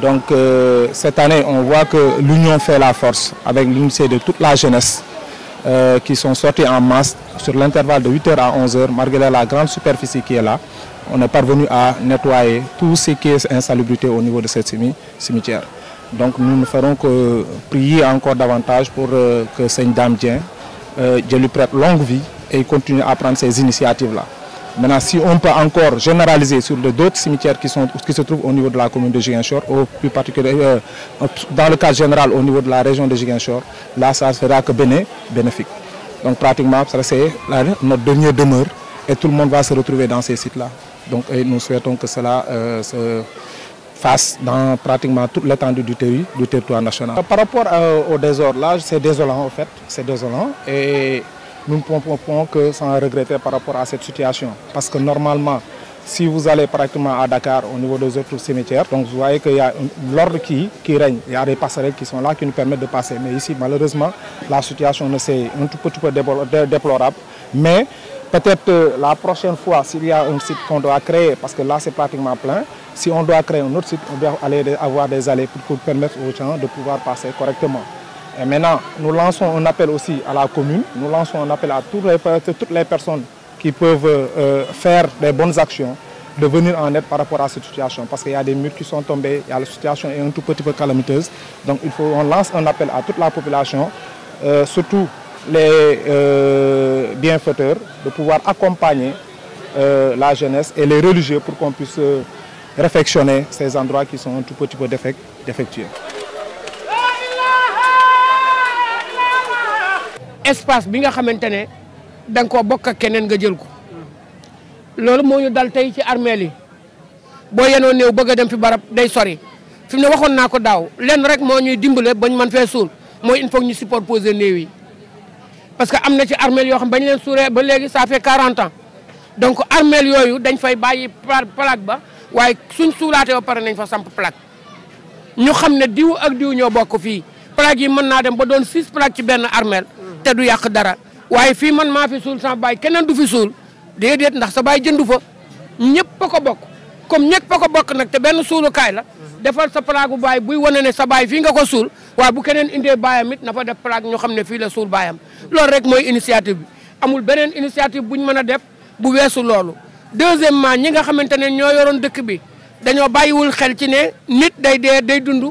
Donc euh, cette année, on voit que l'union fait la force avec l'unité de toute la jeunesse euh, qui sont sortis en masse sur l'intervalle de 8h à 11h, malgré la grande superficie qui est là. On est parvenu à nettoyer tout ce qui est insalubrité au niveau de cette cimetière. Donc nous ne ferons que prier encore davantage pour euh, que que dame vienne, je lui prête longue vie et continue à prendre ces initiatives-là. Maintenant, si on peut encore généraliser sur d'autres cimetières qui, se trouvent au niveau de la commune de Giguinchor, ou plus particulièrement euh, dans le cas général au niveau de la région de Giguinchor, là, ça ne sera que bénéfique. Donc pratiquement, ça c'est notre dernière demeure et tout le monde va se retrouver dans ces sites-là. Donc nous souhaitons que cela euh, se fasse dans pratiquement toute l'étendue du, du territoire national. Par rapport euh, au désordre, là, c'est désolant en fait, c'est désolant. Et nous ne pouvons que s'en regretter par rapport à cette situation. Parce que normalement, si vous allez pratiquement à Dakar au niveau des autres cimetières, donc vous voyez qu'il y a l'ordre qui, qui, règne. Il y a des passerelles qui sont là qui nous permettent de passer. Mais ici, malheureusement, la situation est un tout petit peu déplorable. Mais peut-être euh, la prochaine fois, s'il y a un site qu'on doit créer, parce que là c'est pratiquement plein, si on doit créer un autre site, on doit aller avoir des allées pour permettre aux gens de pouvoir passer correctement. Et maintenant, nous lançons un appel aussi à la commune, nous lançons un appel à toutes les, personnes qui peuvent euh, faire des bonnes actions, de venir en aide par rapport à cette situation. Parce qu'il y a des murs qui sont tombés, il y a la situation est un tout petit peu calamiteuse. Donc il faut, on lance un appel à toute la population, euh, surtout les euh, bienfaiteurs, de pouvoir accompagner la jeunesse et les religieux pour qu'on puisse réfectionner ces endroits qui sont un tout petit peu défectueux. espace bi nga xamantene ne ko kenen bokk ak kenen nga jël ko lolu moñu dal tay ci armée li bo yenoo new bëgg dem fi barab day sori fi mu ne daw len lenn rek moo dimbalé bañ man fé sul moy il faut ñu support poser new yi parce que amna ci armée yo xam bañ leen souré ba légui ça fait 40 ans donc armée yoyu dañ fay bayyi plaque ba waye suñ soulaté ba paré nañ fa samp plaque ñu xam ne diw ak diw ño bokk fi plaque yi mëna dem ba doon 6 plaque ci ben armée te du yàq dara waaye fii man maa fi suul sama baay keneen du fi suul déedéet ndax sa baay jëndu fa ñëpp a ko bokk comme ñëpp a ko bokk nag te benn suulukaay la defal sa plaque bu baay buy wane ne sa baay fii nga ko suul waaye bu keneen indee baayam it na fa def plaque ñoo xam ne fii la suul baayam loolu rek mooy initiative bi amul beneen initiative ñu mën a def bu weesu loolu deuxièmement ñi nga xamante ne ñoo yoroon dëkk bi dañoo bàyyiwul xel ci ne nit day dee day dund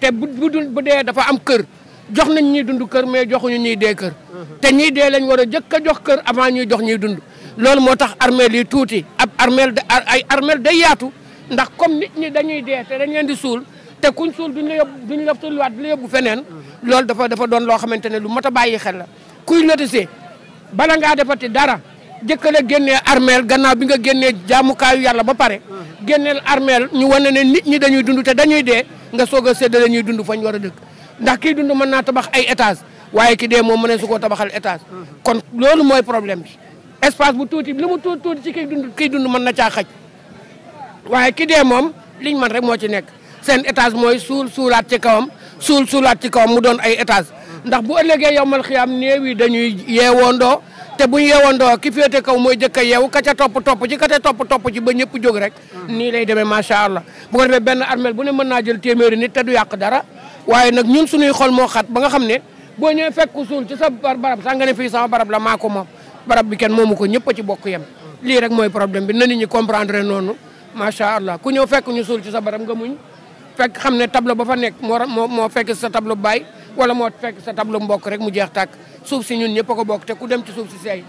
te bu bu dee dafa am kër jox nañ ñuy dund kër mais joxuñu ñii dee kër te ñiy dee lañ war a jëkk a jox kër avant ñuy jox ñuy dund loolu moo tax armeel yi tuuti ab armeel ay armeel day yaatu ndax comme nit ñi dañuy dee te dañ leen di suul te kuñ suul duñ la yóbbu duñ la suulwaat du la feneen loolu dafa dafa doon loo xamante ne lu mot a bàyyi xel la kuy lotissé bala ngaa defati dara jëkkale génnee armeel gannaaw bi nga génnee jaamukaayu yàlla ba pare génneel armeel ñu wane ne nit ñi dañuy dund te dañuy dee nga soog a séddale ñuy dund fañ war a dëkk ndax kii dund mën naa tabax ay étage waaye ki dee moom mënee su koo tabaxal étage kon loolu mooy problème bi espace bu tuuti li mu tuuti tuuti ci kii dund kii dund mën na caa xaj waaye ki dee moom liñ man rek moo ci nekk seen étage mooy suul suulaat ci kawam suul suulaat ci kawam mu doon ay étage ndax bu ëllëgee yowmal xiyaam néew yi dañuy yeewoondoo te bu ñu doo ki féete kaw mooy jëkk a ka ca topp topp ci ka ca topp topp ci ba ñëpp jóg rek hmm. nii lay demee macha allah bu ko benn armel bu ne mën naa jël téeméeri nit te du yàq dara waaye nag ñun suñuy xol moo xat ba nga xam ne boo ñëwee fekk suul ci sa barab sax nga ne la maa ko moom barab bi kenn moomu ko ñëpp ci bokk yem lii rek mooy problème bi na nit ñi comprendre noonu macha allah ku ñëw fekk ñu suul ci sa barab nga muñ fekk xam ne tableau ba fa nekk moo moo fekk sa tableau baay wala moo fekk sa tableau mbokk rek mu jeex tàkk suuf si ñun ñëpp ko bokk te ku dem ci suuf si say